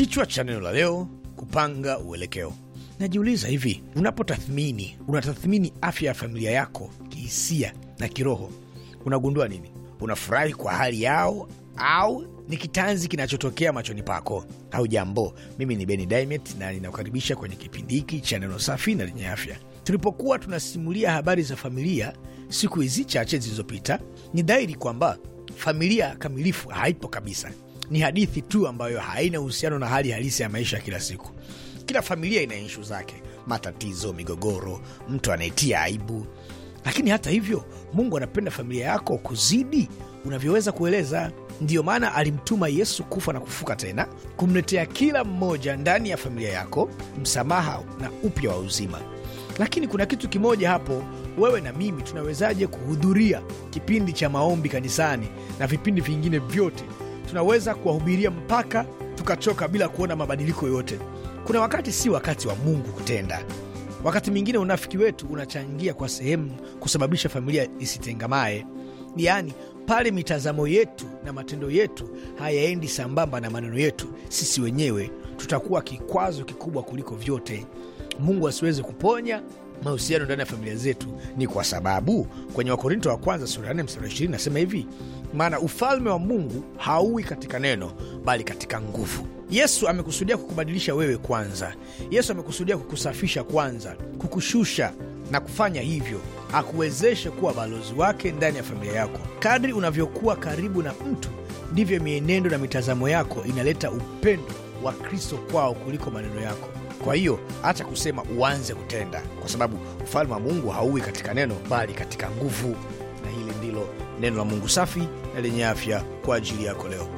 Kichwa cha neno la leo: kupanga uelekeo. Najiuliza hivi, unapotathmini, unatathmini afya ya familia yako kihisia na kiroho, unagundua nini? Unafurahi kwa hali yao au ni kitanzi kinachotokea machoni pako? Au jambo, mimi ni Beni Dimet na ninakukaribisha kwenye kipindi hiki cha neno safi na lenye afya. Tulipokuwa tunasimulia habari za familia siku hizi chache zilizopita, ni dhahiri kwamba familia kamilifu haipo kabisa ni hadithi tu ambayo haina uhusiano na hali halisi ya maisha ya kila siku. Kila familia ina ishu zake, matatizo, migogoro, mtu anaitia aibu. Lakini hata hivyo, Mungu anapenda familia yako kuzidi unavyoweza kueleza. Ndiyo maana alimtuma Yesu kufa na kufuka tena kumletea kila mmoja ndani ya familia yako msamaha na upya wa uzima. Lakini kuna kitu kimoja hapo, wewe na mimi tunawezaje kuhudhuria kipindi cha maombi kanisani na vipindi vingine vyote tunaweza kuwahubiria mpaka tukachoka bila kuona mabadiliko yote Kuna wakati si wakati wa Mungu kutenda. Wakati mwingine unafiki wetu unachangia kwa sehemu kusababisha familia isitengamae, yaani pale mitazamo yetu na matendo yetu hayaendi sambamba na maneno yetu, sisi wenyewe tutakuwa kikwazo kikubwa kuliko vyote. Mungu asiweze kuponya mahusiano ndani ya familia zetu, ni kwa sababu kwenye Wakorinto wa kwanza sura 4 msara 20 nasema hivi, maana ufalme wa Mungu hauwi katika neno, bali katika nguvu. Yesu amekusudia kukubadilisha wewe kwanza. Yesu amekusudia kukusafisha kwanza, kukushusha na kufanya hivyo akuwezeshe kuwa balozi wake ndani ya familia yako. Kadri unavyokuwa karibu na mtu, ndivyo mienendo na mitazamo yako inaleta upendo wa Kristo kwao kuliko maneno yako. Kwa hiyo hata kusema, uanze kutenda, kwa sababu ufalme wa Mungu hauwi katika neno, bali katika nguvu. Na hili ndilo neno la Mungu safi na lenye afya kwa ajili yako leo.